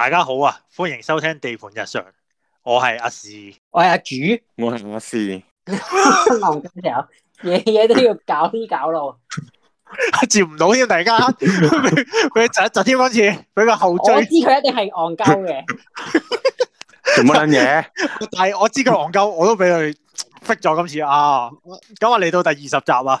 大家好啊！歡迎收聽地盤日常，我係阿士，我係阿主，我係阿士，老 友，嘢嘢都要搞啲搞囉 接唔到添，突然間佢窒一窒添，今 次俾個後追，我知佢一定係戇鳩嘅， 做乜什嘢麼？ 但係我知佢戇鳩，我都俾佢逼咗今次啊！咁我嚟到第二十集啊！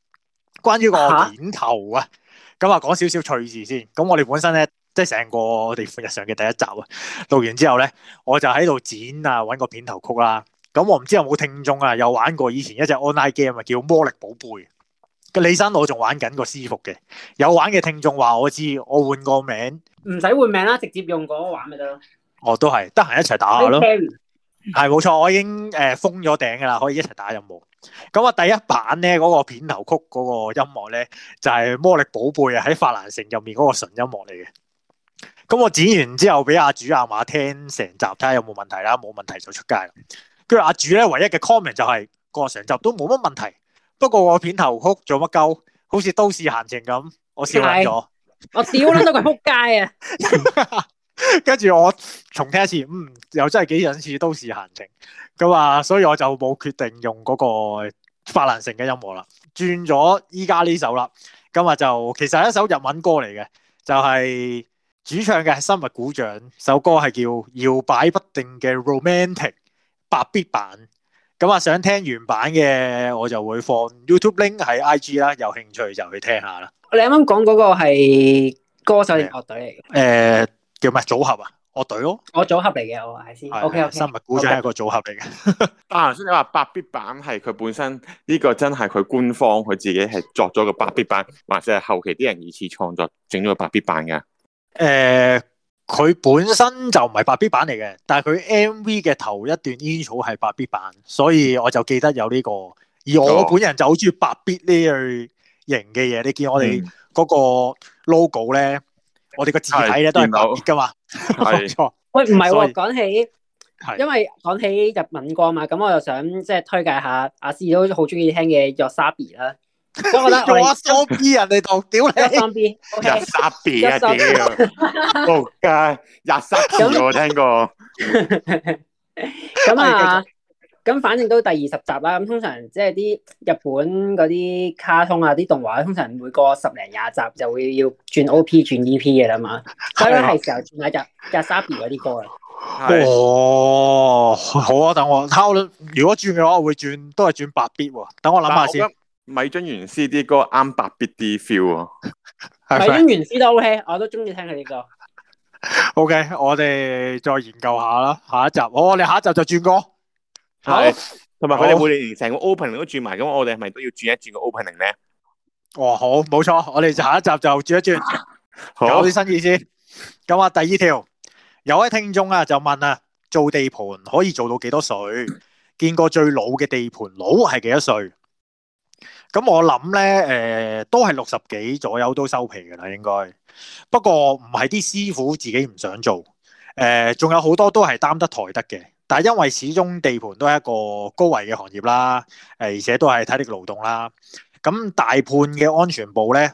關於個片頭啊，咁啊，講少少趣事先。咁我哋本身咧，即係成個我哋日常嘅第一集啊，錄完之後咧，我就喺度剪啊，揾個片頭曲啦。咁我唔知有冇聽眾啊，有玩過以前一隻 online game 啊，叫魔力寶貝。李生我仲玩緊個私服嘅，有玩嘅聽眾話我知道，我換個名，唔使換名啦，直接用嗰個玩咪得咯。我都係得閒一齊打咯，係冇錯，我已經誒、呃、封咗頂噶啦，可以一齊打任務。咁啊，第一版咧嗰個片頭曲嗰個音樂咧就係魔力寶貝啊，喺法蘭城入面嗰個純音樂嚟嘅。咁我剪完之後俾阿主阿馬聽成集，睇下有冇問題啦。冇問題就出街啦。跟住阿主咧唯一嘅 comment 就係個成集都冇乜問題，不過我片頭曲做乜鳩，好似都市閒情咁。我笑爛咗，我屌捻到佢撲街啊！跟 住我重聽一次，嗯，又真係幾引似都市閒情咁啊，所以我就冇決定用嗰個法蘭城嘅音樂啦，轉咗依家呢首啦。咁、嗯、啊，就其實係一首日文歌嚟嘅，就係、是、主唱嘅係生物股長。首歌係叫搖擺不定嘅 Romantic 8bit 版。咁、嗯、啊、嗯，想聽原版嘅我就會放 YouTube link 喺 I G 啦。有興趣就去聽下啦。你啱啱講嗰個係歌手定樂隊嚟嘅？誒、嗯。呃叫咩係組合啊？樂隊咯，我組合嚟嘅，我係先。O K O K，生物古仔係一個組合嚟嘅。但係頭先你話八 bit 版係佢本身呢個真係佢官方佢自己係作咗個八 bit 版，或者係後期啲人二次創作整咗個八 bit 版嘅。誒、呃，佢本身就唔係八 bit 版嚟嘅，但係佢 M V 嘅頭一段 intro 係八 bit 版，所以我就記得有呢個。而我本人就好中意八 bit 呢類型嘅嘢。你見我哋嗰個 logo 咧？我哋個字體咧都係特別噶嘛，係錯。喂，唔係喎，講 哦、起，係因為講起日文歌嘛，咁我又想即係推介下阿詩都好中意聽嘅 YOASOBI 啦。 我覺得我 YOASOBI 人 okay, 啊，你讀，屌你，YOASOBI，YOASOBI 啊，屌，仆街，YOASOBI 我聽過。咁 啊！咁反正都第二十集啦，咁通常即係啲日本嗰啲卡通啊、啲動畫，通常每個十零廿集就會要轉 O.P. 轉 E.P. 嘅啦嘛，所以係時候轉下就就沙比嗰啲歌啦。 哦，好啊， 等我睇下，如果轉嘅話，我會轉都係轉八 bit 喎。等我諗下先。 米津玄師啲歌啱八 bit 啲 feel 啊。米津玄師都 OK，我都中意聽佢啲歌。 O.K.，我哋再研究下啦，下一集，我、哦、你下一集就轉歌。係，同埋佢哋會連成個 opening 都轉埋，咁我哋係咪都要轉一轉個 opening 咧？哦，好，冇錯，我哋下一集就轉一轉，有啲新意思。咁啊，第二條有位聽眾啊就問啊，做地盤可以做到幾多歲？見過最老嘅地盤佬係幾多歲？咁我諗咧，誒、呃，都係六十幾左右都收皮噶啦，應該。不過唔係啲師傅自己唔想做，誒、呃，仲有好多都係擔得抬得嘅。但係因為始終地盤都係一個高危嘅行業啦，誒而且都係體力勞動啦，咁大判嘅安全部咧，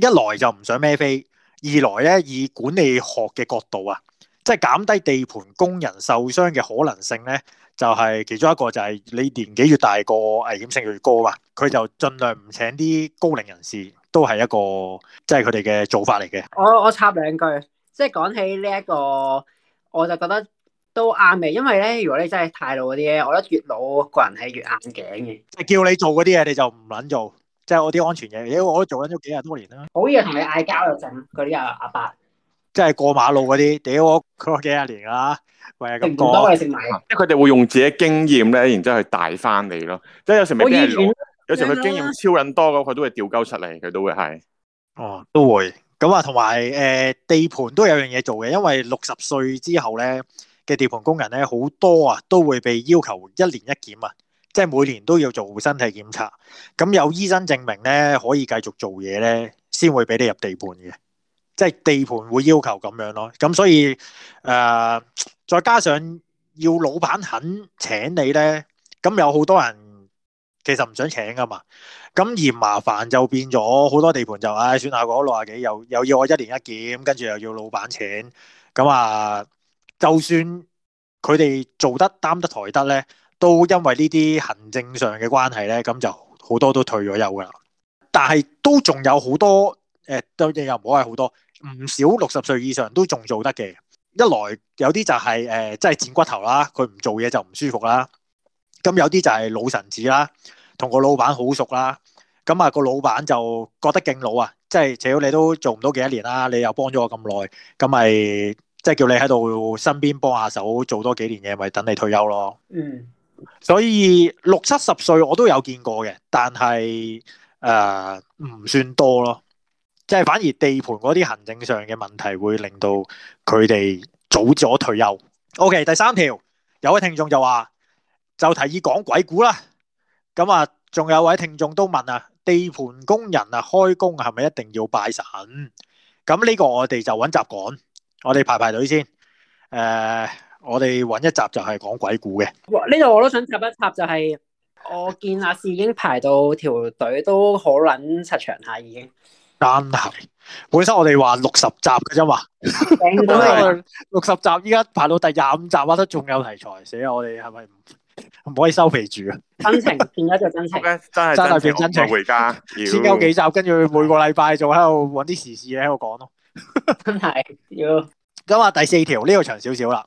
一來就唔想孭飛，二來咧以管理學嘅角度啊，即係減低地盤工人受傷嘅可能性咧，就係其中一個就係你年紀越大個危險性越，越高啊。佢就盡量唔請啲高齡人士，都係一個即係佢哋嘅做法嚟嘅。我我插兩句，即係講起呢一個，我就覺得。都啱嘅，因為咧，如果你真係太老嗰啲咧，我覺得越老個人係越硬頸嘅。即係叫你做嗰啲嘢，你就唔捻做，即係我啲安全嘢。屌，我都做緊咗幾廿多年啦。好嘢，同你嗌交一陣嗰啲阿阿伯，即係過馬路嗰啲，屌我佢話幾廿年啦，咪咁講。食多嘢食埋。即係佢哋會用自己經驗咧，然之後去帶翻你咯。即係有時未必有，有時佢經驗超撚多嘅，佢都會掉鳩出嚟，佢都會係哦，都會咁啊。同埋誒地盤都有樣嘢做嘅，因為六十歲之後咧，嘅地盤工人咧好多啊，都會被要求一年一檢啊，即係每年都要做身體檢查。咁有醫生證明咧，可以繼續做嘢咧，先會俾你入地盤嘅。即係地盤會要求咁樣咯。咁所以誒、呃，再加上要老闆肯請你咧，咁有好多人其實唔想請噶嘛。咁嫌麻煩就變咗好多地盤就，唉、哎，算下嗰六廿幾，又又要我一年一檢，跟住又要老闆請，咁啊～就算佢哋做得擔得抬得咧，都因為呢啲行政上嘅關係咧，咁就好多都退咗休㗎啦。但係都仲有好多誒，當然又唔好係好多，唔、呃、少六十歲以上都仲做得嘅。一來有啲就係、是、誒，即係賤骨頭啦，佢唔做嘢就唔舒服啦。咁有啲就係老臣子啦，同個老闆好熟啦。咁、那、啊個老闆就覺得勁老啊，即係只要你都做唔到幾多年啦，你又幫咗我咁耐，咁咪，即係叫你喺度身邊幫下手做多幾年嘢，咪等你退休咯。嗯，所以六七十歲我都有見過嘅，但係誒唔算多咯。即係反而地盤嗰啲行政上嘅問題會令到佢哋早咗退休。OK，第三條有位聽眾就話，就提議講鬼故啦。咁啊，仲有位聽眾都問啊，地盤工人啊，開工係咪一定要拜神？咁呢個我哋就揾集講。我哋排排隊先，誒、呃，我哋揾一集就係講鬼故嘅。呢度我都想插一插，就係、是、我見阿士已經排到條隊都好撚七場下已經。真係，本身我哋話六十集嘅啫嘛，六 十集依家排到第廿五集，都仲有題材，死啊！我哋係咪唔可以收皮住啊？真情變咗就真情，真係真情回家，先 夠幾集，跟住每個禮拜仲喺度揾啲時事喺度講咯。 真係要咁啊！第四條呢個長少少啦。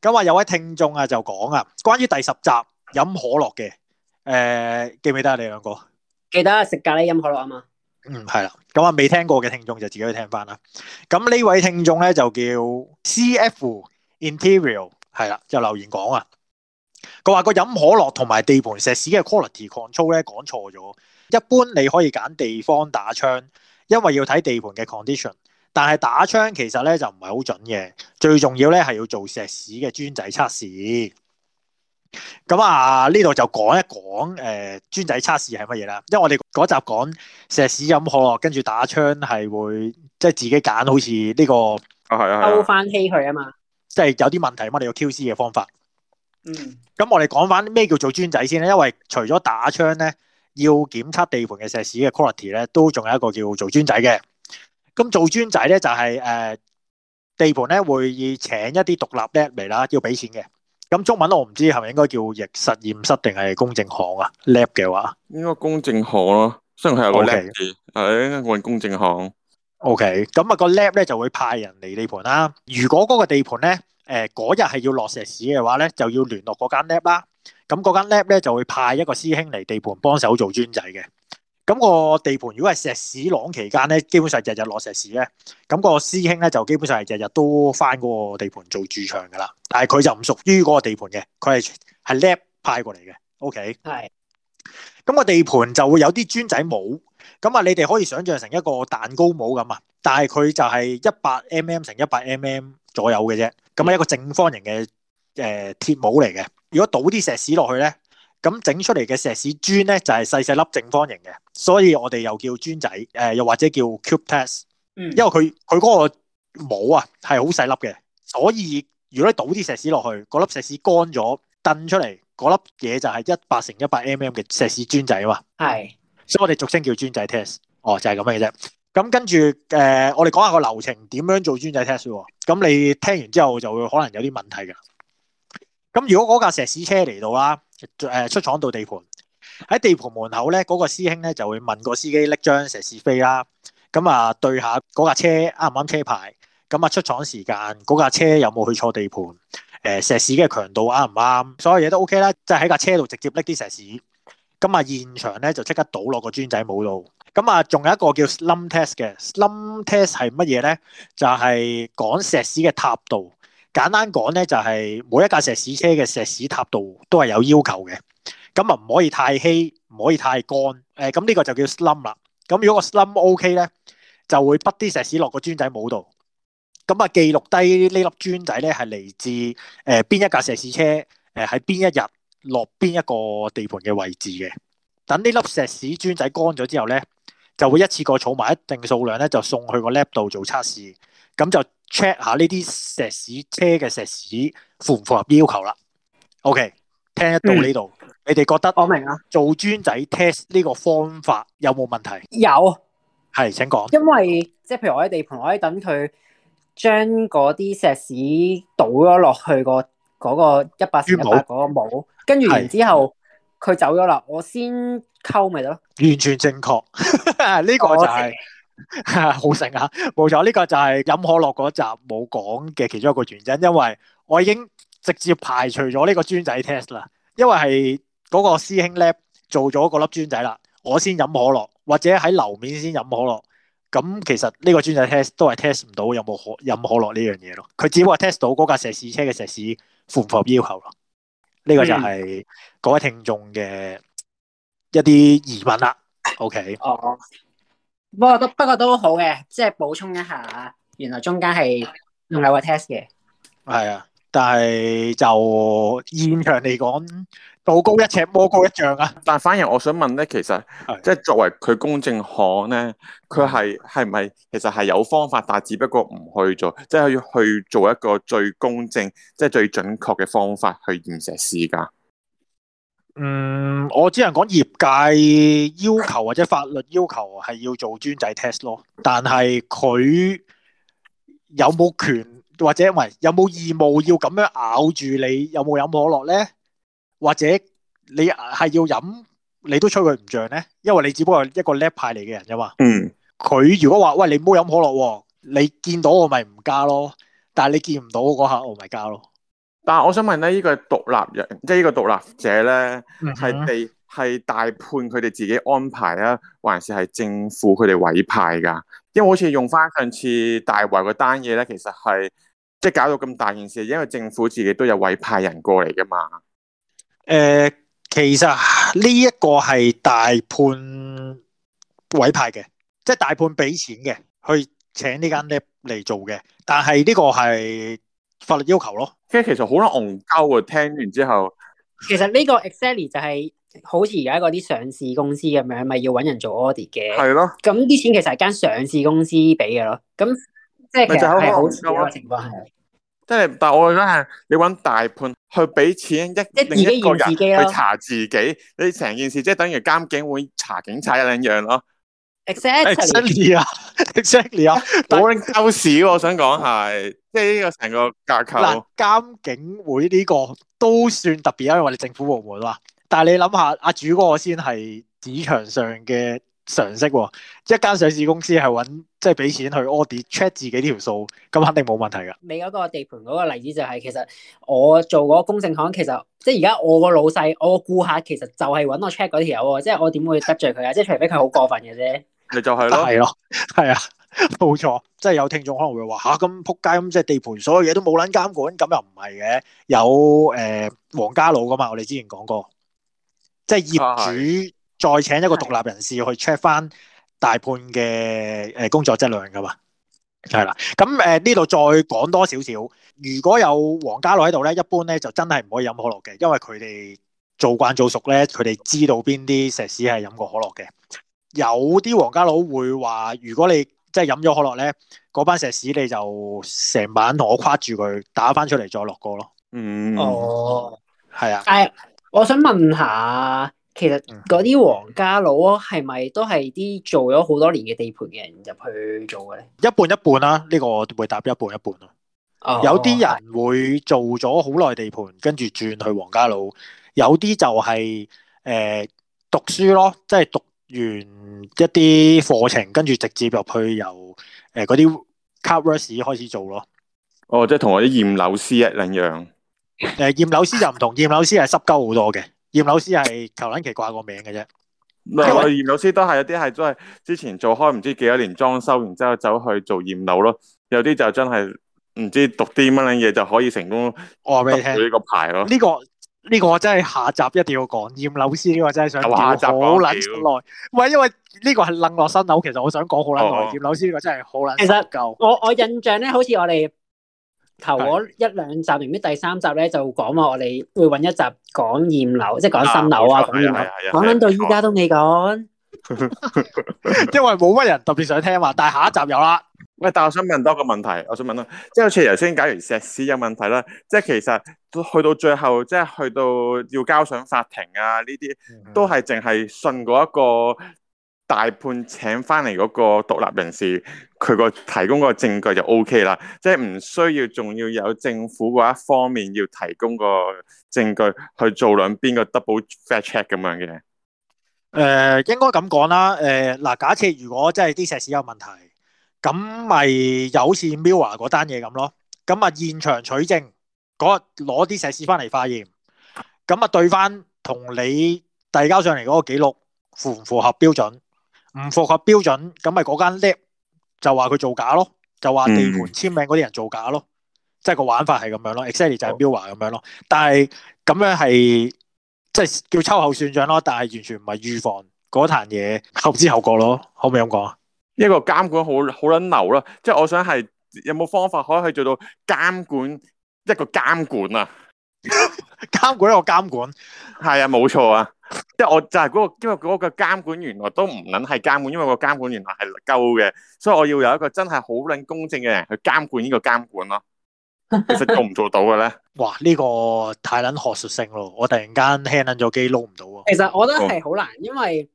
咁啊，有位聽眾啊就講啊，關於第十集飲可樂嘅，誒，記唔記得？你兩個記得食咖喱飲可樂啊嘛？嗯，係啦。咁啊，未聽過嘅聽眾就自己去聽翻啦。咁呢位聽眾咧就叫 CF Interior，係啦，就留言講啊，佢話個飲可樂同埋地盤石屎嘅 quality control 咧講錯咗。一般你可以揀地方打槍，因為要睇地盤嘅 condition。但係打槍其實咧就唔係好準嘅，最重要咧係要做石屎嘅磚仔測試。咁啊，呢度就講一講誒磚仔測試係乜嘢啦。因為我哋嗰集講石屎飲可樂，跟住打槍係會即係、就是、自己揀、這個，好似呢個勾翻黐佢啊，啊，啊、就是、嘛。即係有啲問題我哋要 QC 嘅方法。嗯。咁我哋講翻咩叫做磚仔先咧？因為除咗打槍咧，要檢測地盤嘅石屎嘅 quality 咧，都仲有一個叫做磚仔嘅。咁做專仔咧就係誒地盤咧會請一啲獨立 lab 嚟啦，要俾錢嘅。咁中文我唔知係咪應該叫譯實驗室定係公證行啊？lab 嘅話應該公證行咯，雖然係有個 lab 字係揾公證行。OK，咁啊個 lab 咧就會派人嚟地盤啦。如果嗰個地盤咧誒嗰日係要落石屎嘅話咧，就要聯絡嗰間 lab 啦。咁嗰間 lab 咧就會派一個師兄嚟地盤幫手做專仔嘅。咁個地盤如果係石屎朗期間咧，基本上日日落石屎咧。咁個師兄咧就基本上係日日都翻嗰個地盤做駐場噶啦。但係佢就唔屬於嗰個地盤嘅，佢係係 lab 派過嚟嘅。OK，係。咁個地盤就會有啲磚仔模。咁啊，你哋可以想象成一個蛋糕模咁啊。但係佢就係一百 mm 乘一百 mm 左右嘅啫。咁啊，一個正方形嘅誒鐵模嚟嘅。如果倒啲石屎落去咧。咁整出嚟嘅石屎磚咧，就係細細粒正方形嘅，所以我哋又叫磚仔，呃，又或者叫 cube test，嗯，因為佢佢嗰個模啊係好細粒嘅，所以如果你倒啲石屎落去，嗰粒石屎乾咗掟出嚟，嗰粒嘢就係一百乘一百 mm 嘅石屎磚仔啊嘛，係，所以我哋俗稱叫磚仔 test，哦就係咁嘅啫。咁跟住，呃，我哋講下個流程點樣做磚仔 test 喎。咁你聽完之後就會可能有啲問題㗎。咁如果嗰架石屎車嚟到啦，誒出廠到地盤，喺地盤門口咧，嗰、個師兄咧就會問個司機拎張石屎飛啦。咁啊，對下嗰架車啱唔啱車牌，咁啊出廠時間嗰架車有冇去錯地盤？誒石屎嘅強度啱唔啱？所有嘢都 OK 啦，即係喺架車度直接拎啲石屎。咁啊現場咧就即刻倒落個磚仔帽度。咁啊仲有一個叫 slump test 嘅 slump test 係乜嘢咧？就係、係、講石屎嘅塌度。簡單講咧，就係每一架石屎車嘅石屎塔度都係有要求嘅，咁啊唔可以太稀，唔可以太乾，誒咁呢個就叫 slump 啦。咁如果個 slump O K 咧，就會畢啲石屎落個磚仔模度，咁啊記錄低呢粒磚仔咧係嚟自誒邊一架石屎車，誒喺邊一日落邊一個地盤嘅位置嘅。等呢粒石屎磚仔乾咗之後咧，就會一次過儲埋一定數量咧，就送去個 lab 度做測試，咁就。check 下呢啲石屎車嘅石屎符唔符合要求啦？OK，聽得到呢度、嗯，你哋覺得我明啊，做磚仔 test 呢個方法有冇問題？有，係，請講。因為即係譬如我喺地盤，我喺等佢將嗰啲石屎倒咗落去個嗰一百乘一百嗰模，跟住然之後佢走咗啦，我先溝咪得咯。完全正確，呢 個就係。好食啊，冇錯，呢、這個就係飲可樂嗰集冇講嘅其中一個原因，因為我已經直接排除咗呢個磚仔 test 啦，因為係嗰個師兄 lab 做咗個粒磚仔啦，我先飲可樂或者喺樓面先飲可樂，咁其實呢個磚仔 test 都係 test 唔到有冇可飲可樂呢樣嘢咯，佢只不過 test 到嗰架石屎車嘅石屎符唔符合要求咯，呢、這個就係各位聽眾嘅一啲疑問啦、嗯、，OK？哦。不過都不過都好嘅，即係補充一下，原來中間係仲有個 test 嘅。係啊，但係就現場嚟講，道高一尺魔高一丈啊。但係反而我想問咧，其實即係作為佢公證行咧，佢係係咪其實係有方法，但係只不過唔去做，即係要去做一個最公正、即係最準確嘅方法去驗石屎噶？嗯，我只能講業界要求或者法律要求係要做專制 test 咯，但係佢有冇權或者唔係有冇義務要咁樣咬住你有冇飲可樂咧？或者你係要飲，你都吹佢唔脹咧，因為你只不過係一個叻派嚟嘅人咋嘛？嗯，佢如果話，喂，你唔好飲可樂，你見到我咪唔加咯，但係你見唔到嗰下我咪加咯。但、啊、我想問咧，呢個獨立人即係呢個獨立者咧，係地係大判佢哋自己安排咧，還是係政府佢哋委派㗎？因為好似用返上次大圍個單嘢咧，其實係即係搞到咁大件事，因為政府自己都有委派人過嚟㗎嘛。誒、呃，其實呢一個係大判委派嘅，即係大判俾錢嘅去請呢間 Lab 嚟做嘅，但係呢個係。法律要求咯，即係其實好多戇鳩啊！聽完之後，其實呢個 exactly 就係好似而家嗰啲上市公司咁樣，咪要搵人做 audit 嘅，係咯。咁啲錢其實係間上市公司俾嘅咯。咁即係其實係好嘅情況係，即係但係我真係你搵大判去俾錢一另一個人去查自己，你成件事即係等於監警會查警察一兩樣咯。exactly 啊，exactly 啊 但，好卵鳩屎，我想講係。即係呢個成個架構，嗱，監警會呢個都算特別，因為我哋政府部門啊。但係你諗下，阿主嗰個先係市場上嘅常識，一間上市公司係搵，即係俾錢去 audit check 自己呢條數，咁肯定冇問題噶。你嗰個地盤嗰個例子就係、是，其實我做嗰個公證行，其實即係而家我個老細，我個顧客其實就係搵我 check 嗰條友啊，即係我點會得罪佢啊？即 係除非佢好過分嘅啫，你就係咯，係咯，係啊。冇錯，即係有聽眾可能會話吓，咁、啊、撲街咁，即係地盤所有嘢都冇撚監管，咁又唔係嘅。有誒，黃、呃、家佬噶嘛，我哋之前講過，即係業主再請一個獨立人士去 check 翻大判嘅誒工作質量噶嘛，係啦。咁誒呢度再講多少少，如果有黃家佬喺度咧，一般咧就真係唔可以飲可樂嘅，因為佢哋做慣做熟咧，佢哋知道邊啲石屎係飲過可樂嘅。有啲黃家佬會話，如果你即係飲咗可樂咧，嗰班石屎你就成晚同我誇住佢，打翻出嚟再落過咯。嗯，哦，係啊。係、哎，我想問下，其實嗰啲黃家佬，係咪都係啲做咗好多年嘅地盤嘅人入去做嘅咧？一半一半啦，呢、這個會答一半一半咯、哦。有啲人會做咗好耐地盤，跟住轉去黃家佬。有啲就係、是、誒、呃、讀書咯，即係讀。完一啲課程，跟住直接入去由誒嗰啲 cutters 開始做咯。哦，即係同嗰啲驗樓師一樣。誒，驗樓師就唔同，驗樓師係濕鳩好多嘅。驗樓師係求撚奇怪個名嘅啫。嗱，驗樓師都係有啲係都係之前做開唔知幾多年裝修，然之後走去做驗樓咯。有啲就真係唔知讀啲乜嘢就可以成功。我話畀你聽，呢個牌咯。呢個……呢、這個我真係下集一定要講驗樓師，我真係想講好捻耐。唔因為呢個係楞落新樓，其實我想講好捻耐驗樓師，呢個真係好捻。其實我我印象咧，好似我哋頭嗰一兩集，唔知第三集咧就講話我哋會搵一集講驗樓，即係講新樓啊咁講捻到依家都未講， 因為冇乜人特別想聽嘛，但係下一集有啦。喂，但我想問多個問題，我想問啦，即係好似頭先，假如石屎有問題啦，即係其實去到最後，即係去到要交上法庭啊，呢啲都係淨係信嗰一個大判請翻嚟嗰個獨立人士，佢個提供個證據就 O K 啦，即係唔需要仲要有政府嘅一方面要提供個證據去做兩邊個 double fact check 咁樣嘅？誒、呃，應該咁講啦。誒，嗱，假設如果即係啲石屎有問題。咁咪有好似 Miu Wah 嗰單嘢咁囉。咁咪現場取證，嗰日攞啲石屎返嚟化驗，咁咪對返同你遞交上嚟嗰個記錄符唔符合標準？唔符合標準，咁咪嗰間 lab 就話佢造假囉，就話地盤簽名嗰啲人造假囉。即係個玩法係咁樣咯。嗯、exactly 就係 Miu Wah 咁樣咯，但係咁樣係即係叫秋後算賬囉。但係完全唔係預防嗰壇嘢後知後覺囉。可唔可以咁講啊？一個監管好好撚流啦，即係我想係有冇方法可以去做到監管一個監管啊？監管一個監管，係啊，冇錯啊。即係我就係嗰個，因為嗰個監管員我都唔撚係監管，因為個監管員係夠嘅，所以我要有一個真係好撚公正嘅人去監管呢個監管咯。其實做唔做到嘅咧？哇，呢個太撚學術性咯，我突然間 hang 撚咗機 load 唔到啊！其實我覺得係好難，因為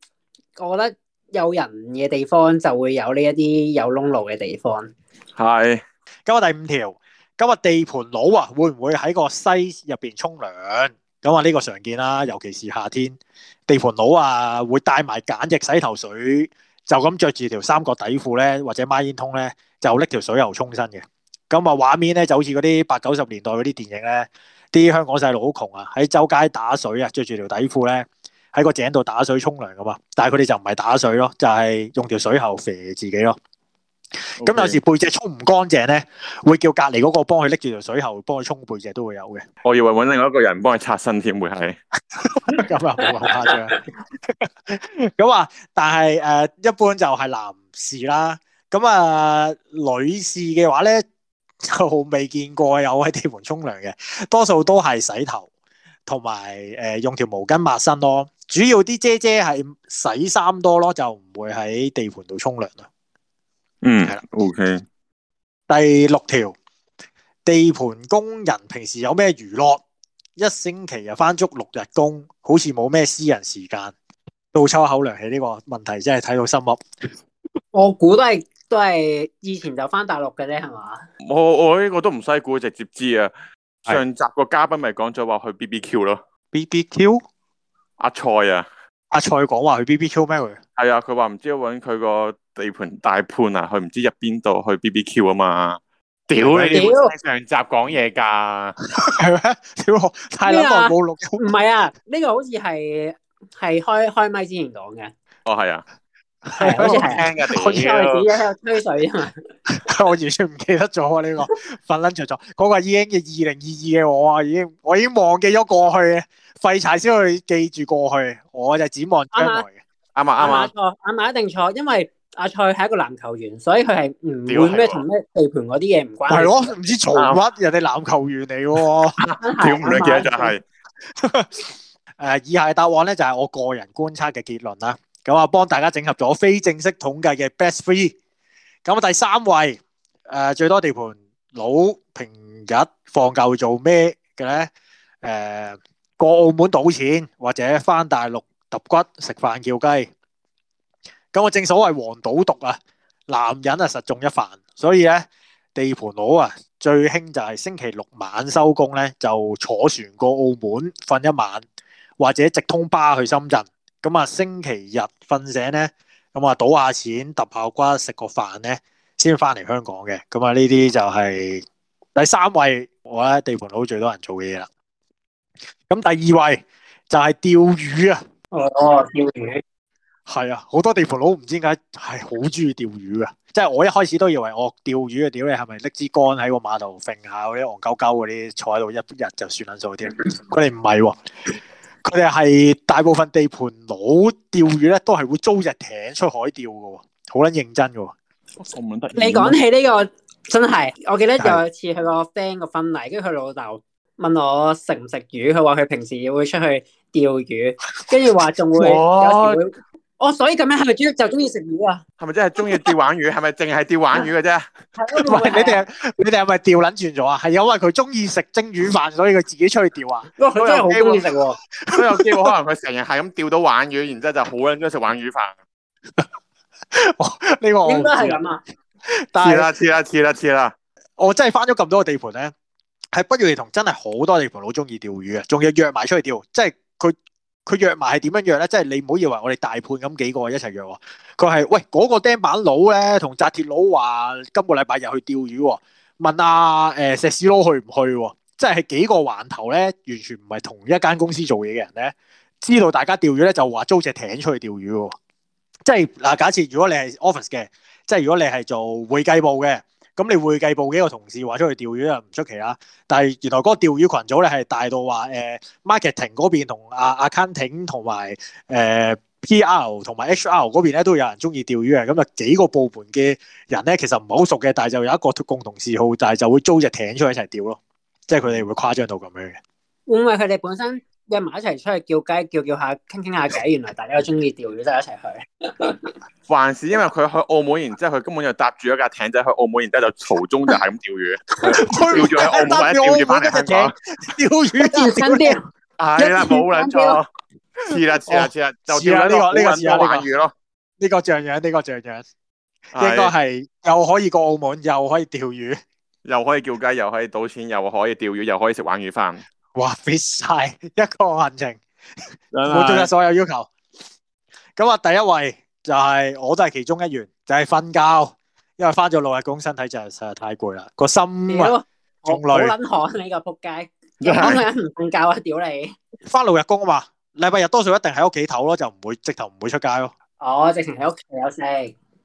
我覺得。有人嘅地方就會有呢一啲有窿路嘅地方。係，今日第五條，今日地盤佬啊，會唔會喺個西入面沖涼？咁啊，呢個常見啦，尤其是夏天。地盤佬啊，會帶埋簡易洗頭水，就咁着住條三角底褲咧，或者孖煙通咧，就拎條水喉沖身嘅。咁啊，畫面咧就好似嗰啲八九十年代嗰啲電影咧，啲香港細路好窮啊，喺周街打水啊，着住條底褲咧。喺個井度打水沖涼噶嘛，但係佢哋就唔係打水咯，就係、是、用條水喉肥自己咯。咁、okay. 有時背脊沖唔乾淨咧，會叫隔籬嗰個幫佢拎住條水喉幫佢沖背脊都會有嘅。我以為搵另外一個人幫佢擦身添，會係咁啊，冇咁誇張。咁啊，但係誒、呃，一般就係男士啦。咁啊，女士嘅話咧，就未見過有喺地盤沖涼嘅，多數都係洗頭同埋誒用條毛巾抹身咯。主要啲姐姐係洗衫多咯，就唔會喺地盤度沖涼啦。嗯，係啦，OK。第六條，地盤工人平時有咩娛樂？一星期就翻足六日工，好似冇咩私人時間，倒抽口涼氣，呢個問題真係睇到心噏。我估都係都係以前就翻大陸嘅咧，係嘛？我我呢個都唔使估，直接知啊。上集個嘉賓咪講咗話去 B B Q 咯，B B Q。BBQ? 阿蔡啊，阿蔡講話去 BBQ 咩？佢係啊，佢話唔知要搵佢個地盤大判啊，佢唔知入邊度去 BBQ 啊嘛。屌你！喺上集講嘢噶，係咩？屌， 太耐冇錄。唔係啊，呢個好似係係開開麥之前講嘅。哦，係啊。 好、啊、似聽嘅，我以為自己喺度吹水啊嘛。 我完全唔記得咗呢、這個，瞓捻錯咗。嗰、那個已 a n 嘅二零二二嘅我啊，已經我已經忘記咗過去嘅廢柴先去記住過去。我就只望將來嘅。啱啊啱啊，錯啱啊一定錯，因為阿蔡係一個籃球員，所以佢係唔會咩同咩地盤嗰啲嘢唔關係。係咯，唔知嘈乜，人哋籃球員嚟嘅。點 你 得？就係誒，二 係答案咧，就係我個人觀察嘅結論啦。咁啊，幫大家整合咗非正式統計嘅 best three，咁第三位，呃、最多地盤佬平日放舊做咩嘅咧？過澳門賭錢或者翻大陸揼骨食飯叫雞。咁啊，正所謂黃賭毒啊，男人啊實中一飯，所以咧，地盤佬啊最興就係星期六晚收工咧，就坐船過澳門瞓一晚，或者直通巴去深圳。咁啊，星期日瞓醒咧，咁啊賭下錢，揼炮瓜，食個飯咧，先翻嚟香港嘅。咁啊，呢啲就係第三位，我覺得地盤佬最多人做嘅嘢啦。咁第二位就係釣魚啊。哦，釣魚係啊，好多地盤佬唔知點解係好中意釣魚啊。即係我一開始都以為我釣魚嘅屌你係咪拎支竿喺個碼頭揈下嗰啲戇鳩鳩嗰啲，坐喺度一日就算撚數添，佢哋唔係喎。佢哋係大部分地盤佬釣魚咧，都係會租隻艇出海釣㗎，好撚認真㗎喎。你講起呢個真係，我記得有一次佢個 friend 個婚禮，跟住佢老豆問我食唔食魚，佢話佢平時會出去釣魚，跟住話仲會有時會。 我、哦、所以咁樣係咪中就中意食魚啊？係咪真係中意釣鯇魚？係咪淨係釣鯇魚嘅啫？唔 你哋， 你哋係咪釣捻轉咗啊？係 因為佢中意食蒸鯇魚飯，所以佢自己出去釣啊。佢、哦、真係好中意食，都有機會， 會可能佢成日係咁釣到鯇魚，然之後就好撚中意食鯇魚飯。呢、 哦這個應該係咁啊！黐啦黐啦黐啦啦！ 我真係翻咗咁多個地盤咧，喺不約而同，真係好多地盤好中意釣魚啊，仲要約埋出去釣，即係佢。佢約埋係點樣約咧？即係你唔好以為我哋大判咁幾個一齊約喎。佢係喂嗰個釘板佬咧，同紮鐵佬話今個禮拜日去釣魚喎。問阿、呃、石屎佬去唔去喎？即係係幾個環頭咧，完全唔係同一間公司做嘢嘅人咧，知道大家釣魚咧就話租隻艇出去釣魚喎。即係嗱，假設如果你係 office 嘅，即係如果你係做會計部嘅。咁你會計部幾個同事話出去釣魚啊，唔出奇啦。但係原來嗰個釣魚羣組咧係大到話，誒、呃、Marketing 嗰邊同阿、啊、Accounting 同埋誒 PR 同埋 HR 嗰邊咧都有人中意釣魚嘅。咁啊幾個部門嘅人咧其實唔係好熟嘅，但係就有一個共同嗜好，但係就會租隻艇出去一齊釣咯。即係佢哋會誇張到咁樣嘅。會唔會佢哋本身？約埋一齊出去叫雞，叫叫下，傾傾下偈。原來大家都中意釣魚，都係一齊去。凡係因為佢去澳門，然之後佢根本就搭住一架艇仔去， 去澳門，然之後就途中就係咁釣魚，釣住喺澳門，釣住翻香港，釣魚食魚。係啦，冇卵錯。黐啦，黐啦，黐啦，啊，就住呢個呢個黐啦呢個。呢、這個像樣，呢、這個像樣，呢、這個係又可以過澳門，又可以釣魚，又可以叫雞，又可以賭錢，又可以釣魚，又可以食玩魚飯。哇！fit 晒一個行程，滿足咗所有要求。咁啊，第一位就係我都係其中一員，就係瞓覺，因為翻咗六日工，身體就實在太攰啦，個心啊，仲累，好撚寒你個撲街，咁個人唔瞓覺啊，屌你！翻六日工啊嘛，禮拜日多數一定喺屋企唞咯，就唔會直頭唔會出街咯。我直頭喺屋企休息，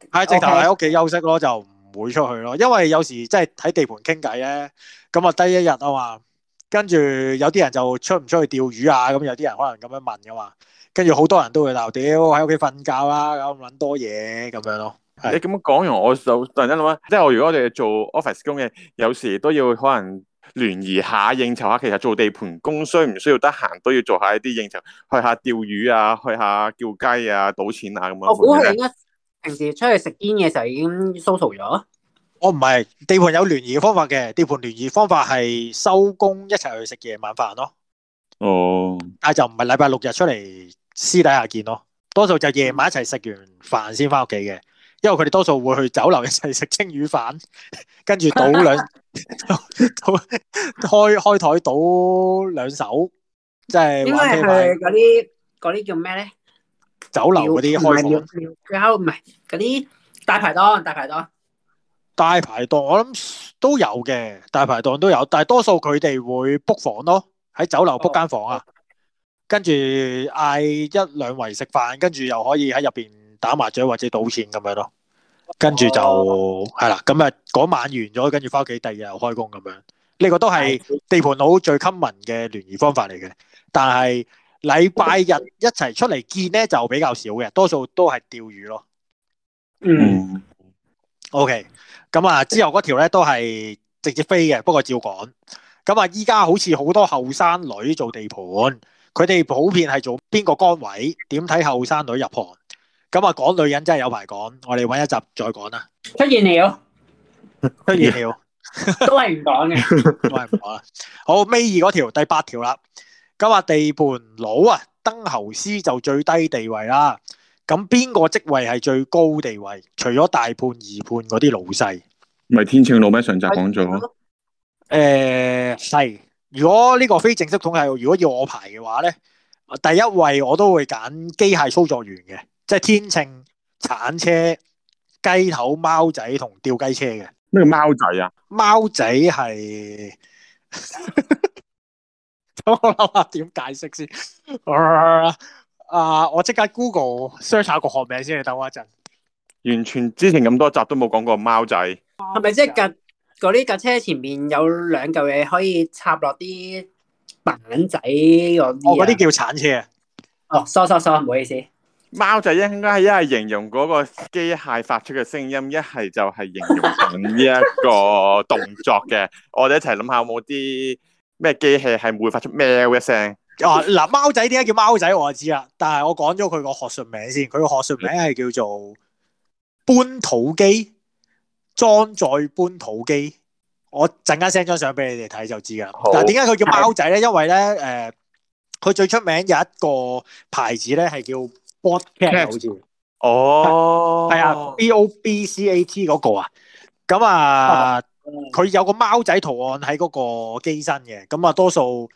係直頭喺屋企休息咯，就唔會出去咯，因為有時真係喺地盤傾偈咧，咁啊得一日啊嘛。跟住有啲人就出唔出去釣魚啊？咁有啲人可能咁樣問噶嘛。跟住好多人都會鬧屌喺屋企瞓覺啊，咁揾多嘢咁樣咯。嗯、你咁樣講完，我就突然間諗啊，即係我如果我哋做 office 工嘅，有時都要可能聯誼下應酬下。其實做地盤工需唔需要得閒都要做下一啲應酬，去下釣魚啊，去下叫雞啊，賭、啊、錢啊咁樣。我估係平時出去食煙嘅時候已經 social 咗。我唔係地盤有聯誼嘅方法嘅，地盤聯誼方法係收工一齊去食夜晚飯咯。哦，但係就唔係禮拜六日出嚟私底下見咯，多數就夜晚一齊食完飯先返屋企嘅，因為佢哋多數會去酒樓一齊食青魚飯，跟住賭兩開開台賭兩手，即係因為係嗰啲嗰啲叫咩咧？酒樓嗰啲開房，唔係嗰啲大排檔，大排檔。大排檔我諗都有嘅，大排檔都有，但係多數佢哋會 book 房咯，喺酒樓 book 間房啊，哦、跟住嗌一兩圍食飯，跟住又可以喺入邊打麻雀或者賭錢咁樣咯，跟住就係啦，咁啊嗰晚完咗，跟住翻屋企，第二日又開工咁樣，呢、呢個都係地盤佬最 common 嘅聯誼方法嚟嘅，但係禮拜日一齊出嚟見咧就比較少嘅，多數都係釣魚咯，嗯。O.K. 咁啊，之後嗰條咧都係直接飛嘅，不過照講咁啊。依家好似好多後生女做地盤，佢哋普遍係做邊個崗位？點睇後生女入行？咁啊，講女人真係有排講，我哋搵一集再講啦。出現了，出現了，都係唔講嘅， 都係唔講啦。好，尾二嗰條第八條啦。咁啊，地盤佬啊，燈喉師就最低地位啦。咁邊個職位係最高地位？除咗大判、二判嗰啲老細，唔係天秤老咩？上集講咗，誒，係、嗯呃。如果呢個非正式體系，如果要我排嘅話咧，第一位我都會揀機械操作員嘅，即、就、係、是、天秤鏟車、雞頭貓仔同吊雞車嘅。咩貓仔啊？貓仔係，等 我諗下點解釋先。 啊、uh，我即刻 Google search 下個學名先，你等我一陣。完全之前咁多集都冇講過貓仔，係咪即係架嗰啲架車前面有兩嚿嘢可以插落啲板仔嗰啲，我啲叫鏟車啊！哦，sorry sorry sorry 唔好意思。貓仔應該係一係形容嗰個機械發出嘅聲音，一係就係形容緊呢一個動作嘅。 我哋一齊諗下有冇啲咩機器係會發出喵一聲。啊嗱，貓仔點解叫貓仔，我就知啦。但係我講咗佢個學術名先，佢個學術名係叫做搬土機，裝載搬土機。我陣間 send 張相俾你哋睇就知㗎啦。但係，點解佢叫貓仔咧？因為咧，誒、呃,佢最出名有一個牌子咧係叫 Bobcat 好似，哦，係啊，B O B C A T 嗰個啊。咁啊，佢、oh. 有個貓仔圖案喺嗰個機身嘅，咁啊，多數。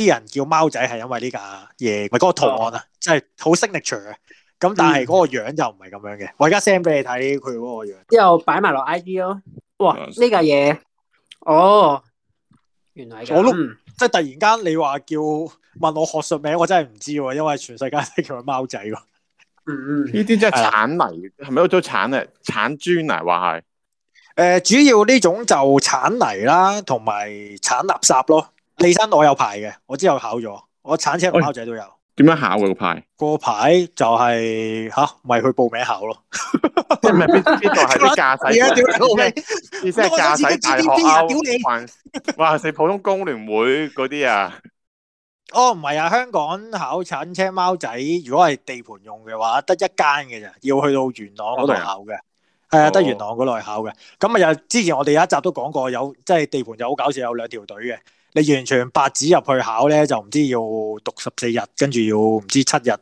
啲人叫貓仔係因為呢架嘢，咪嗰個圖案啊，即係好 signature 嘅。咁但係嗰個樣就唔係咁樣嘅。我而家 send 俾你睇佢嗰個樣，之後擺埋落 IG 咯。哇，呢架嘢，哦，原來咁。嗯，即係突然間你話叫問我學術名，我真係唔知，因為全世界都叫貓仔。嗯嗯，呢啲真係鏟泥，係咪都做鏟咧？鏟磚啊，話係。誒、呃，主要呢種就鏟泥啦，同埋鏟垃圾咯。利生我有牌嘅，我之後考咗，我鏟車貓仔都有。點、哎、樣考嘅個牌？個牌就係、是、吓，咪、啊、去、就是、報名考咯。即係咪邊邊度係駕駛？點你，你，你，、啊、你？啲先係駕駛大學貓。屌你！哇！食普通工聯會嗰啲啊！ 哦，唔係啊，香港考鏟車貓仔，如果係地盤用嘅話，得一間嘅咋，要去到元朗嗰度考嘅。係啊，、哦、啊，得元朗嗰度考嘅。咁、哦、啊，又、嗯、之前我哋有一集都講過，有即係、就是、地盤就好搞笑，有兩條隊嘅。你完全白紙入去考咧，就唔知要讀十四日，跟住要唔知七日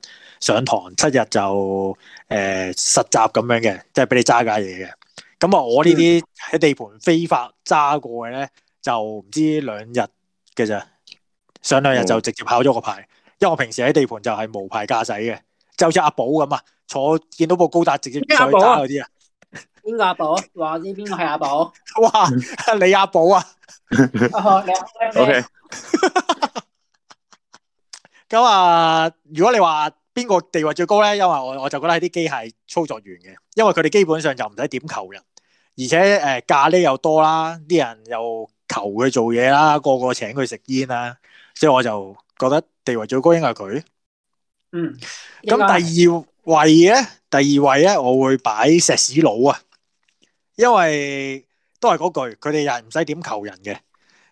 上堂，七日就誒、呃、實習咁樣嘅，即係俾你揸架嘢嘅。咁啊，我呢啲喺地盤非法揸過嘅咧，就唔知兩日嘅咋，上兩日就直接考咗個牌。因為我平時喺地盤就係無牌駕駛嘅，就好似阿寶咁啊，坐見到部高達直接上去揸嗰啲啊。邊個阿寶？話知邊個係阿寶？哇，你阿寶啊！O K。咁啊，如果你話邊個地位最高咧？因為我我就覺得係啲機械是操作員嘅，因為佢哋基本上就唔使點求人，而且誒咖喱又多啦，啲人又求佢做嘢啦，個個請佢食煙啦，即係我就覺得地位最高應該係佢。嗯，咁第二位咧，第二位咧，我會擺石屎佬啊！因為都係嗰句，佢哋又唔使點求人嘅。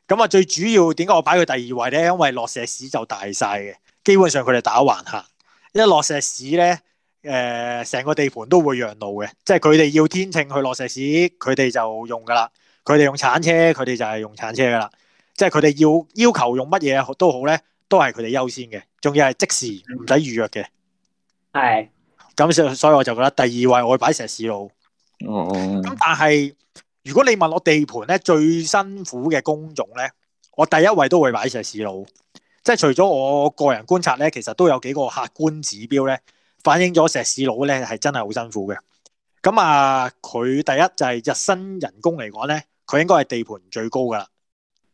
咁啊，最主要點解我擺佢第二位咧？因為落石屎就大晒嘅，基本上佢哋打橫行。因為落石屎咧，誒、呃，成個地盤都會讓路嘅，即係佢哋要天秤去落石屎，佢哋就用噶啦。佢哋用鏟車，佢哋就係用鏟車噶啦。即係佢哋要要求用乜嘢都好咧，都係佢哋優先嘅。仲要係即時唔使預約嘅。係咁，所以我就覺得第二位我擺石屎路。哦、嗯，咁但係如果你問我地盤咧，最辛苦嘅工種咧，我第一位都會擺石屎佬，即係除咗我個人觀察咧，其實都有幾個客觀指標咧，反映咗石屎佬咧係真係好辛苦嘅。咁、嗯、啊，佢第一就係日薪人工嚟講咧，佢應該係地盤最高噶啦，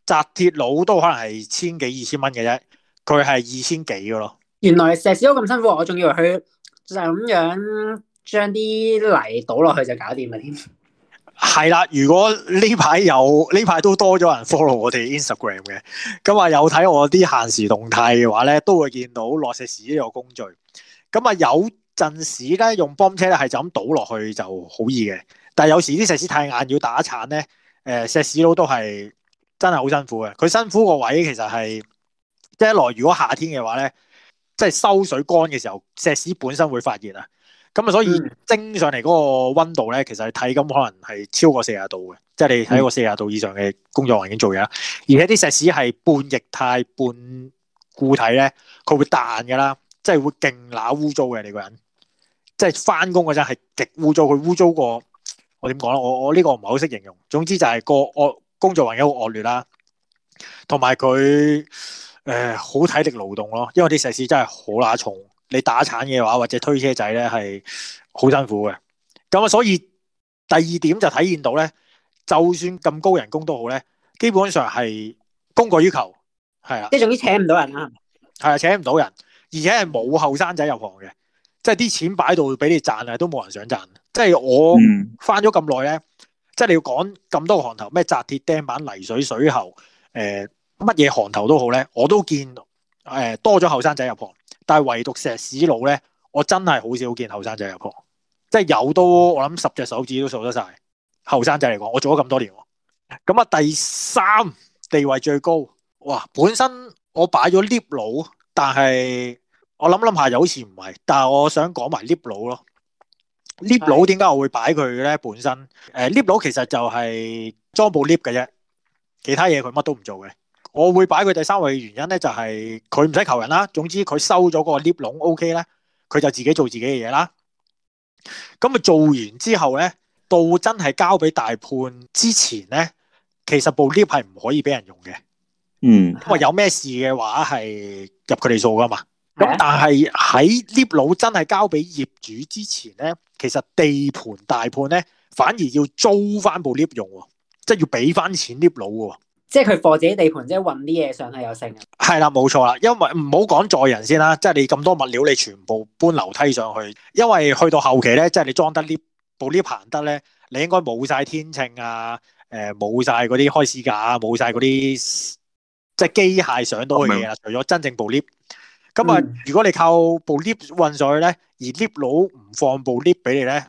紮鐵佬都可能係千幾二千蚊嘅啫，佢係二千幾噶咯。原來石屎佬咁辛苦，我仲以為佢就係咁樣，將啲泥倒落去就搞掂啦，添。係啦，如果呢排有呢排都多咗人 follow 我哋 Instagram 嘅，咁 啊有睇我啲限時動態嘅話咧，都會見到落石屎呢個工序。咁啊有陣時咧用泵車咧係就咁倒落去就好易嘅，但係有時啲石屎太硬要打鏟咧，誒石屎佬都係真係好辛苦嘅。佢辛苦個位其實係，一來如果夏天嘅話咧，即係收水乾嘅時候，石屎本身會發熱啊。咁、嗯、啊，所以蒸上嚟嗰個溫度咧，其實體感可能係超過四十度嘅，即、嗯、係、就是、你喺個四十度以上嘅工作環境做嘢啦。而且啲石屎係半液態半固體咧，佢會彈噶啦，即係會勁乸污糟嘅你個人，即係翻工嗰陣係極污糟，佢污糟過我點講啦？我怎麼說我呢個唔係好識形容，總之就係個惡工作環境好惡劣啦，同埋佢誒好體力勞動咯，因為啲石屎真係好乸重。你打鏟嘅話，或者推車仔咧，係好辛苦嘅。咁啊，所以第二點就體現到咧，就算咁高人工都好咧，基本上係供過於求，係啊。即係總之請唔到人啦。係啊，請唔到人，而且係冇後生仔入行嘅、就是就是嗯，即係啲錢擺到俾你賺啊，都冇人想賺。即係我翻咗咁耐咧，即係你要講咁多個行頭，咩紮鐵釘板泥水水喉，誒乜嘢行頭都好咧，我都見誒、呃、多咗後生仔入行。但唯獨石屎佬咧，我真係好少見後生仔入行，即係有都我諗十隻手指都數得晒。後生仔嚟講，我做咗咁多年，咁啊第三地位最高哇！本身我擺咗 lift 佬，但係我諗諗下又好似唔係，但我想講埋 lift 佬咯。lift 佬點解我會擺佢咧？本身誒 lift 佬其實就係裝部 lift 嘅啫，其他嘢佢乜都唔做嘅。我會擺佢第三位原因咧，就係佢唔使求人啦。總之佢收咗嗰個 lift 籠 OK 咧，佢就自己做自己嘅嘢啦。咁啊做完之後咧，到真係交俾大判之前咧，其實部 lift 係唔可以俾人用嘅。嗯，因為有咩事嘅話係入佢哋數噶嘛。咁但係喺 lift 佬真係交俾業主之前咧，其實地盤大判咧，反而要租翻部 lift 用，即係要俾翻錢 lift 佬。即係佢貨自己的地盤，即係運啲嘢上去有成嘅。係啦，冇錯啦，因為唔好講載人先啦。即係你咁多物料，你全部搬樓梯上去。因為去到後期咧，即係你裝得啲部 lift 行得咧，你應該冇晒天秤啊，誒冇晒嗰啲開絲架，冇晒嗰啲即係機械上到嘅嘢。除咗真正部 lift，咁啊，嗯、如果你靠部 lift 運上去咧，而 lift 佬唔放部 lift 俾你咧，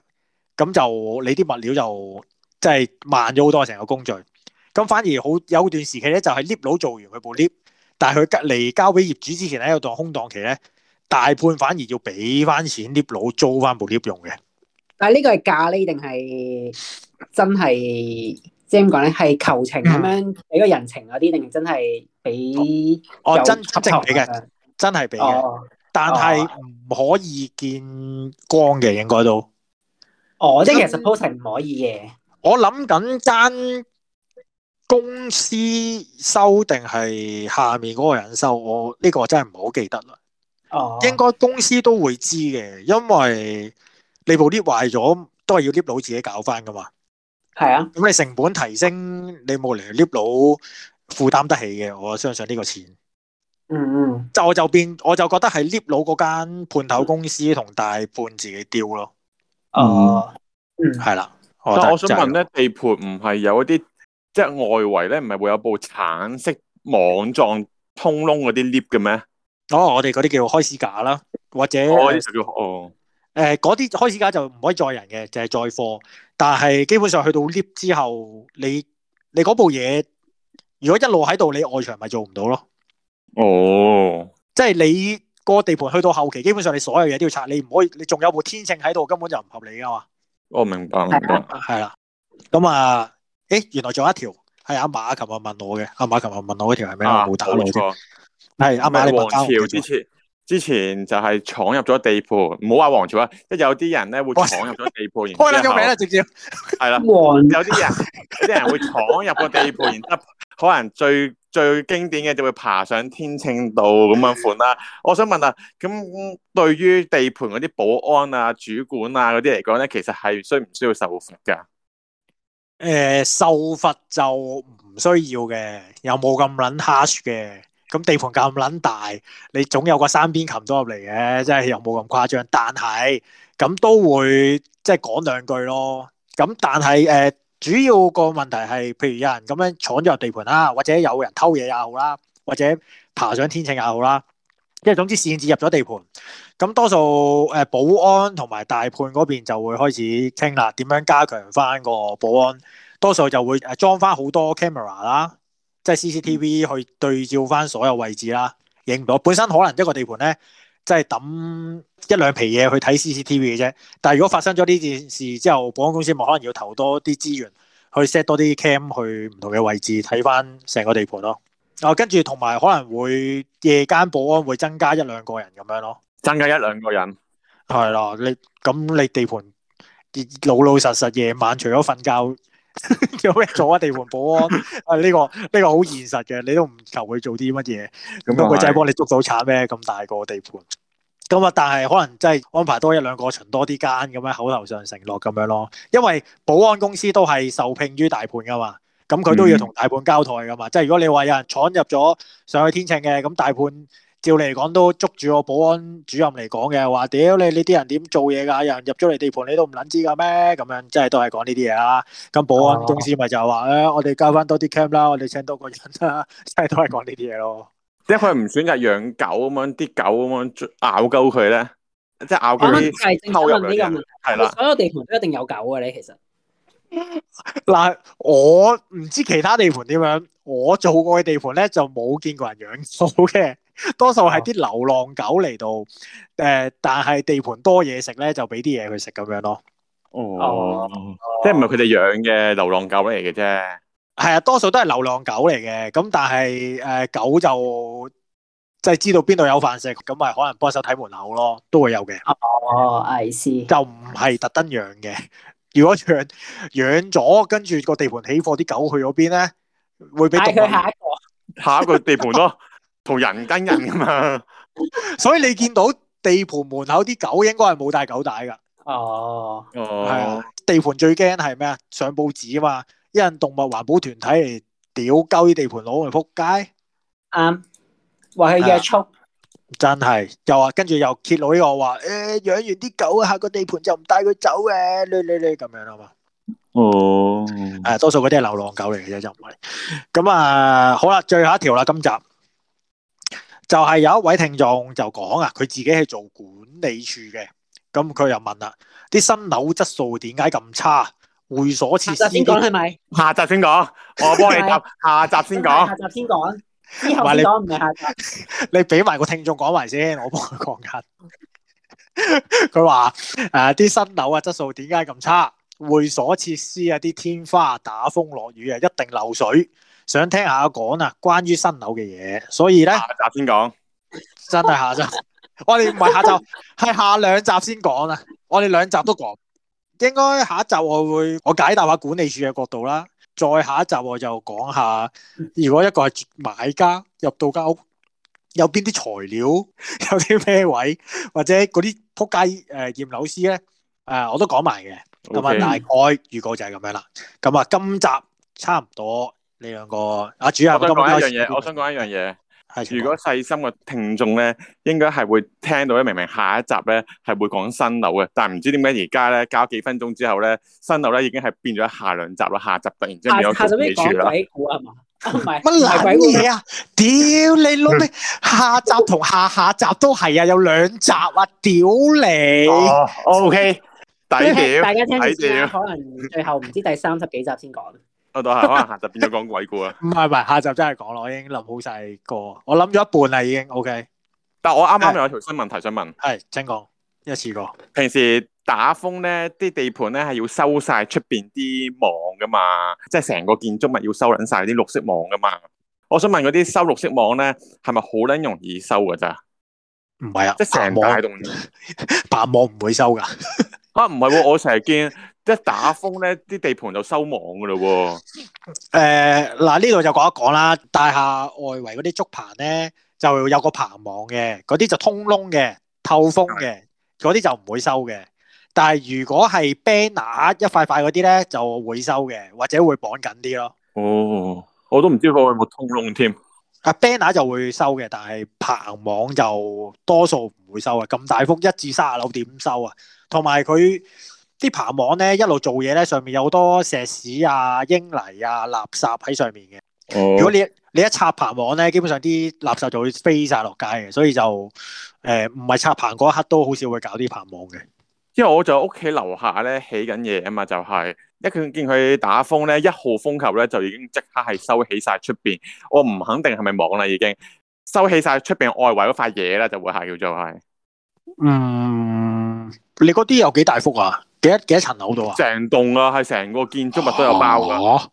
咁就你啲物料就即係慢咗好多成個工序。咁反而好有段時期咧，就係 lift 佬做完佢部 lift，但係佢隔離交俾業主之前咧，有段空檔期咧，大判反而要俾翻錢 lift 佬租翻部 lift 用嘅。但係呢個係假嘅定係真係即係點講咧？係、就是、求情咁樣俾個人情嗰啲，定、嗯、真係俾、哦？哦，真真正俾嘅，真係俾嘅，但係唔可以見光嘅應該都。哦，即係其實 pose 係唔可以嘅、哦哦。我諗緊爭。公司收定係下面嗰個人收，我呢個真係唔好記得啦。哦，應該公司都會知嘅，因為你部 lift 壞咗，都係要 lift 佬自己搞翻㗎嘛。係啊，咁你成本提升，你冇嚟 lift 佬負擔得起嘅，我相信呢個錢。嗯嗯，就我就變，我就覺得係 lift 佬嗰間判頭公司同大半自己丟咯。哦，係啦。但我想問咧，地盤唔係有一啲？即係外圍咧，唔係會有一部橙色網狀通窿嗰啲 lift 嘅咩？哦，我哋嗰啲叫開司架啦，或者哦，誒、呃，嗰啲開司架就唔可以載人嘅，就係載貨。但係基本上去到 lift 之後，你你嗰部嘢如果一路喺度，你外牆咪做唔到咯。哦，即係你個地盤去到後期，基本上你所有嘢都要拆，你唔可以，你仲有部天秤喺度，根本就唔合理噶嘛。哦，明白，明白，係 啦，咁啊。原來仲有一條係阿馬琴日問我嘅，阿馬琴日問我嗰條係咩冇打落啫，係阿馬你黃朝之前之前就係闖入咗地盤，唔好話黃朝啊，即有啲人咧會闖入咗地盤，開啦個名啦，直接係啦，有啲人, 然後 然後 人，啲人會闖入個地盤，然之後可能最最經典嘅就會爬上天秤度咁樣款啦。我想問啊，咁對於地盤嗰啲保安啊、主管啊嗰啲嚟講咧，其實係需唔需要受罰噶？誒、呃，受罰就唔需要嘅，又冇咁捻 harsh 嘅。咁地盤咁捻大，你總有個三邊擒咗入嚟嘅，即係又冇咁誇張。但係咁都會即係講兩句咯。咁但係誒、呃，主要個問題係，譬如有人咁樣闖咗入地盤啦，或者有人偷嘢也好啦，或者爬上天秤也好啦。即係總之，擅自入咗地盤，咁多數誒保安同埋大判嗰邊就會開始傾啦，點樣加強翻個保安？多數就會誒裝翻好多 camera 啦，即係 CCTV 去對照翻所有位置啦，影唔到。本身可能一個地盤咧，即係抌一兩皮嘢去睇 CCTV 嘅啫。但係如果發生咗呢件事之後，保安公司咪可能要投多啲資源去 set 多啲 cam 去唔同嘅位置睇翻成個地盤咯。跟住同埋可能會夜間保安會增加一兩個人咁樣咯，增加一兩個人，係啦，你咁你地盤老老實實夜晚除咗瞓覺， 做啊？地盤保安啊，呢、 這個呢、這個好現實嘅，你都唔求佢做啲乜嘢，咁佢真係幫你捉到賊咩？咁大個地盤，咁啊，但係可能真係安排多一兩個巡多啲間咁樣口頭上承諾咁樣咯，因為保安公司都係受聘於大盤㗎嘛。咁佢都要同大盤交代㗎嘛？即係如果你話有人闖入咗上去天秤嘅，咁大盤照你嚟講都捉住個保安主任嚟講嘅話，屌你你啲人點做嘢㗎？有人入咗你地盤，你，你，你都唔撚知㗎咩？咁樣即係都係講呢啲嘢啦。咁保安公司咪就話咧，我哋交翻多啲 cam 啦，我哋請多個人啦，即係都係講呢啲嘢咯。即係佢唔選擇養狗咁樣，啲狗咁樣咬鳩佢咧，即係咬佢啲偷入嚟嘅。係啦，所有地盤都一定有狗㗎，你其實。嗱，我唔知其他地盤點樣，我做過嘅地盤咧就冇見過人養狗嘅，多數係啲流浪狗嚟到。誒，但係地盤多嘢食咧，就俾啲嘢佢食咁樣咯。哦，即係唔係佢哋養嘅流浪狗嚟嘅啫。係啊，多數都係流浪狗嚟嘅。咁但係誒，狗就即係知道邊度有飯食，咁咪可能幫手睇門口咯，都會有嘅。哦，I see，就唔係特登養嘅。如果養養咗，跟住個地盤起貨，啲狗去咗邊咧？會俾動物下一個下一個地盤咯，同人跟人噶嘛。 所以你見到地盤門口啲狗，應該係冇帶狗帶噶。哦，係、哦、啊。地盤最驚係咩啊？上報紙啊嘛，一陣動物環保團體嚟屌鳩啲地盤佬嚟扑街。啱，話係虐畜。真係又話，跟住又揭露呢個話，誒養完啲狗啊，下個地盤就唔帶佢走嘅，你你你咁樣啊嘛。哦，誒，多數嗰啲係流浪狗嚟嘅啫，就唔係咁啊，好啦，最後一條啦，今集就係有一位聽眾就講啊，佢自己係做管理處嘅，咁佢又問啦，啲新樓質素點解咁差？會所設施先講係咪？下集先講，我幫你答。下集先講。下集先講。你，唔係 你俾埋個聽眾講埋先，我幫佢講緊 他說。佢話誒，啲新樓啊，質素點解咁差？會所設施啊，啲天花打風落雨啊，一定漏水。想聽下講啊，關於新樓嘅嘢。所以呢，下集先講。真係下集， 我哋唔係下集，係下兩集先講啊。我哋兩集都講，應該下一集我會我解答下管理處嘅角度啦。再下一集我就講下，如果一個係買家入到間屋，有邊啲材料，有啲咩位，或者嗰啲仆街誒驗樓師咧，誒、呃呃、我都講埋嘅，咁、okay. 啊大概預告就係咁樣啦，咁啊今集差唔多你兩個啊，主要我想講一樣嘢，我想講一樣嘢。如果細心嘅聽眾咧，應該係會聽到咧，明明下一集咧係會講新樓嘅，但係唔知點解而家咧交幾分鐘之後咧，新樓咧已經係變咗下兩集咯，下集突然之間有咁嘅嘢出啦。下集咩鬼故啊嘛？乜鬼嘢啊！屌你老味，下集同下下集都係啊，有兩集啊！屌、嗯啊啊、你、哦，OK，抵屌，抵屌。大家聽住啦，可能最後唔知第三十幾集先講。 我都係，可能下集變咗講鬼故啊！唔係唔係，下集真係講咯，我已經諗好晒個，我諗咗一半啦已經。OK，但係我啱啱有條新問題想問，係請講一次過。平時打風咧，啲地盤咧係要收晒出邊啲網噶嘛，即係成個建築物要收緊晒啲綠色網噶嘛。我想問嗰啲收綠色網咧，係咪好捻容易收噶咋？唔係啊，即係白網喺度，白網唔會收噶。 啊，唔係喎，我成日見一打風咧，啲地盤就收網噶啦喎。誒、呃，嗱呢度就講一講啦，大廈外圍嗰啲竹棚咧，就有個棚網嘅，嗰啲就通窿嘅，透風嘅，嗰啲就唔會收嘅。但係如果係 banner 一塊塊嗰啲咧，就會收嘅，或者會綁緊啲咯。哦，我都唔知佢有冇通窿添。啊 banner 就會收嘅，但係棚網就多數唔會收啊！咁大幅一至三十樓點收啊？同埋佢啲棚網咧一路做嘢咧，上面有好多石屎啊、英泥啊、垃圾喺上面嘅。Oh. 如果你一你一拆棚網咧，基本上啲垃圾就會飛晒落街嘅，所以就誒唔係拆棚嗰一刻都好少會搞啲棚網嘅。因為我就喺屋企樓下咧起緊嘢啊嘛，就係、是、一見見佢打風咧，一號風球咧就已經即刻係收起晒出面。我唔肯定係咪網啦，已經收起晒出面外圍嗰塊嘢啦，就會係叫做係。嗯，你嗰啲有幾大幅啊？幾多幾多層樓度啊？成棟啊，係成個建築物都有包㗎，啊啊。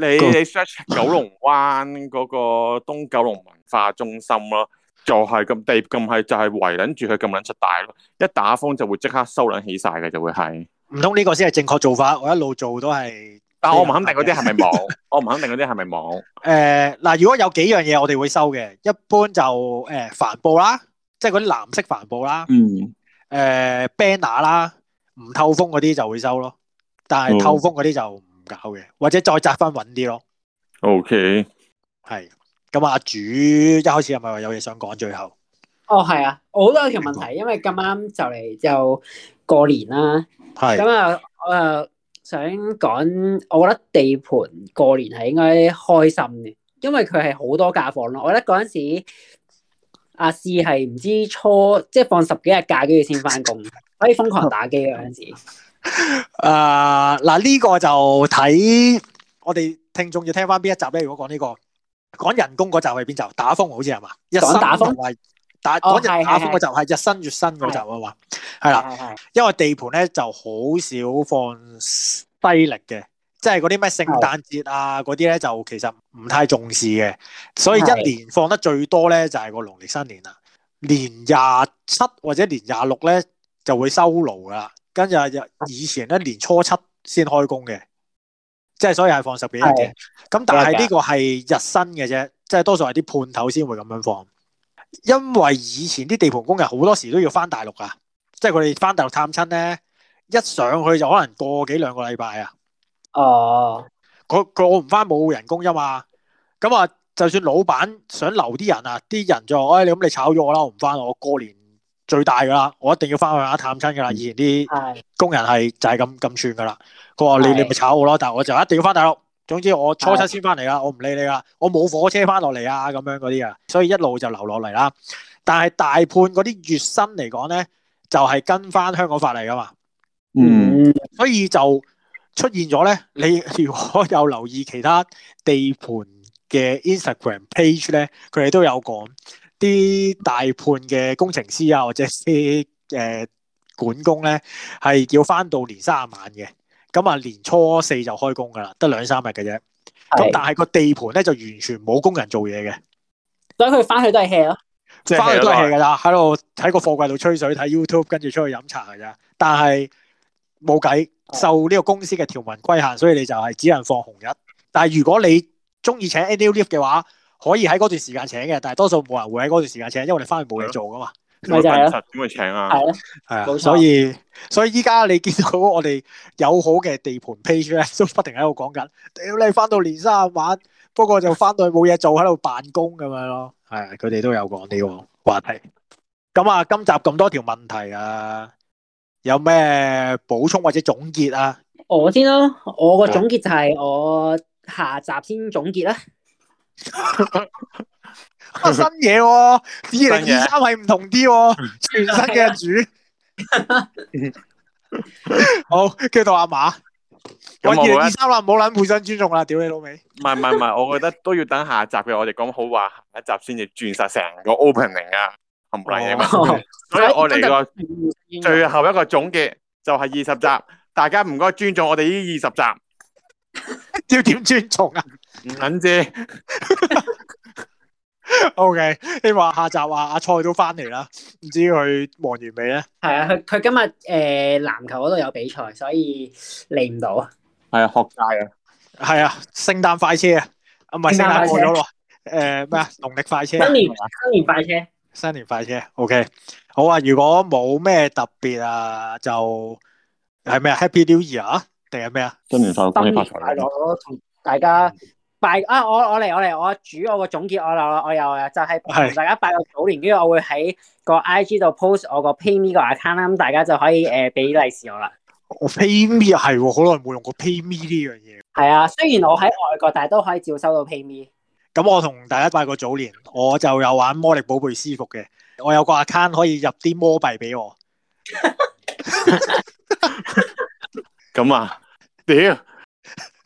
你你 search 九龍灣嗰個東九龍文化中心咯，啊。就係、是、咁，地咁係就係圍捻住佢咁捻出大咯，一打風就會即刻收捻起晒嘅，就會係。唔通呢個先係正確做法？我一路做都係。但我唔肯定嗰啲係咪網？ 我唔肯定嗰啲係咪網？誒、呃，嗱、呃，如果有幾樣嘢我哋會收嘅，一般就誒帆布啦，即係嗰啲藍色帆布啦。嗯、呃。誒，banner 啦，唔透風嗰啲就會收咯，但係透風嗰啲就唔搞嘅，或者再紮翻穩啲咯。OK。係。咁、啊、阿主一開始係咪話有嘢想講？最後哦，係啊，我好多條問題，因為咁啱就嚟就過年啦。係咁啊，誒、嗯，我想講，我覺得地盤過年係應該開心嘅，因為佢係好多假放咯。我覺得嗰陣時，阿四係唔知初即係放十幾日假，跟住先翻工，可以瘋狂打機嗰陣時。啊、呃，嗱、這、呢個就睇我哋聽眾要聽翻邊一集咧？如果講呢、這個。講人工嗰集係邊集？打風好似係嘛？講打風係打嗰日打風嗰集係日新月新嗰集啊嘛，係、哦、啦。因為地盤咧就好少放西曆嘅，即係嗰啲咩聖誕節啊嗰啲咧就其實唔太重視嘅，所以一年放得最多咧就係個農曆新年啦。年廿七或者年廿六咧就會收爐噶啦，跟住以前咧，年初七先開工嘅。即係所以係放十幾日嘅，咁但係呢個係日薪嘅啫，即係多數係啲判頭先會咁樣放，因為以前啲地盤工人好多時都要翻大陸啊，即係佢哋翻大陸探親咧，一上去就可能過幾兩個禮拜啊。哦，佢佢我唔翻冇人工啫嘛，咁啊，就算老闆想留啲人啊，啲人就話，哎，你咁你炒咗我啦，我唔翻我過年。最大噶啦，我一定要翻去啊探親噶啦，以前啲工人係就係咁咁串噶啦。佢話，你你咪炒我咯，但係我就一定要翻大陸。總之我初七先翻嚟啊，我唔理你啦，我冇火車翻落嚟啊，咁樣嗰啲啊。所以一路就留落嚟啦。但係大判嗰啲月薪嚟講咧，就係、是、跟翻香港法嚟噶嘛。嗯，所以就出現咗咧。你如果有留意其他地盤嘅 Instagram page 咧，佢哋都有講。啲大判嘅工程師啊，或者啲誒管工咧，係要翻到年卅晚嘅，咁啊年初四就開工噶啦，得兩三日嘅啫。咁但係個地盤咧就完全冇工人做嘢嘅，所以佢翻去都係 hea 咯，翻去都係 hea 噶啦，喺度喺個貨櫃度吹水睇 YouTube，跟住出去飲茶噶啫。但係冇計，受呢個公司嘅條文規限，所以你就係只能放紅日。但係如果你中意請 annual leave 嘅話，可以喺嗰段時間請嘅，但係多數冇人會喺嗰段時間請，因為我哋翻去冇嘢做噶嘛。咪真實點去請啊？係啊，係啊。所以，所以依家你見到我哋友好嘅地盤 page 咧，都不停喺度講緊。屌你翻到年三十晚，不過就翻到去冇嘢做，喺度辦公咁樣咯。係、哎、啊，佢哋都有講呢個話題。咁啊，今集咁多條問題啊，有咩補充或者總結啊？我先咯，我個總結就係我下集先總結啦。 啊、新嘢、哦，二零二三係唔同啲、哦，全新嘅主， 好，繼到阿馬，二零二三啦，唔好捻互相尊重啦，屌 你老味。唔係唔係，我覺得都要等下一集嘅，我哋講好話，下一集先至轉實成個 opening 啊，冚唪唥嘢嘛，所以我嚟個最後一個總結就係二十集， 大家唔該尊重我哋呢二十集， 要點尊重啊？唔緊要，OK。希望下集啊，阿蔡都翻嚟啦，唔知佢忙完未咧？係啊，佢佢今日誒籃球嗰度有比賽，所以嚟唔到啊。係啊，學界啊，係啊，聖誕快車啊，唔係聖誕過咗咯。誒咩啊？農曆快車，新年新年快車，新年快車，OK。好啊，如果冇咩特別啊，就係咩 Happy New Year 啊，定係咩啊？新年快樂，新年快樂，同大家、嗯。啊！我我嚟我嚟我主我個總結我又我又就係、是、同大家拜個早年，跟住我會喺個 I G 度 post 我個 PayMe 個 account 啦，咁大家就可以誒俾利是我啦。我 PayMe 係好耐冇用過 PayMe 呢樣嘢。係啊，雖然我喺外國，但係都可以照收到 PayMe。咁我同大家拜個早年，我就有玩魔力寶貝私服嘅，我有個 account 可以入啲魔幣俾我。咁 啊，屌！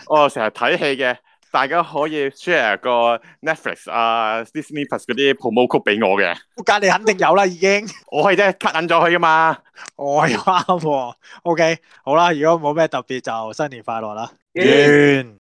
我又成日睇戲嘅。大家可以 share 個 Netflix 啊、uh,、Disney Plus 嗰啲 promo 曲俾我嘅，我隔籬肯定有啦，已經 我可以啫，cut 引咗佢噶嘛，哦，我又啱，OK，好啦，如果冇咩特別就新年快樂啦，yeah. 完。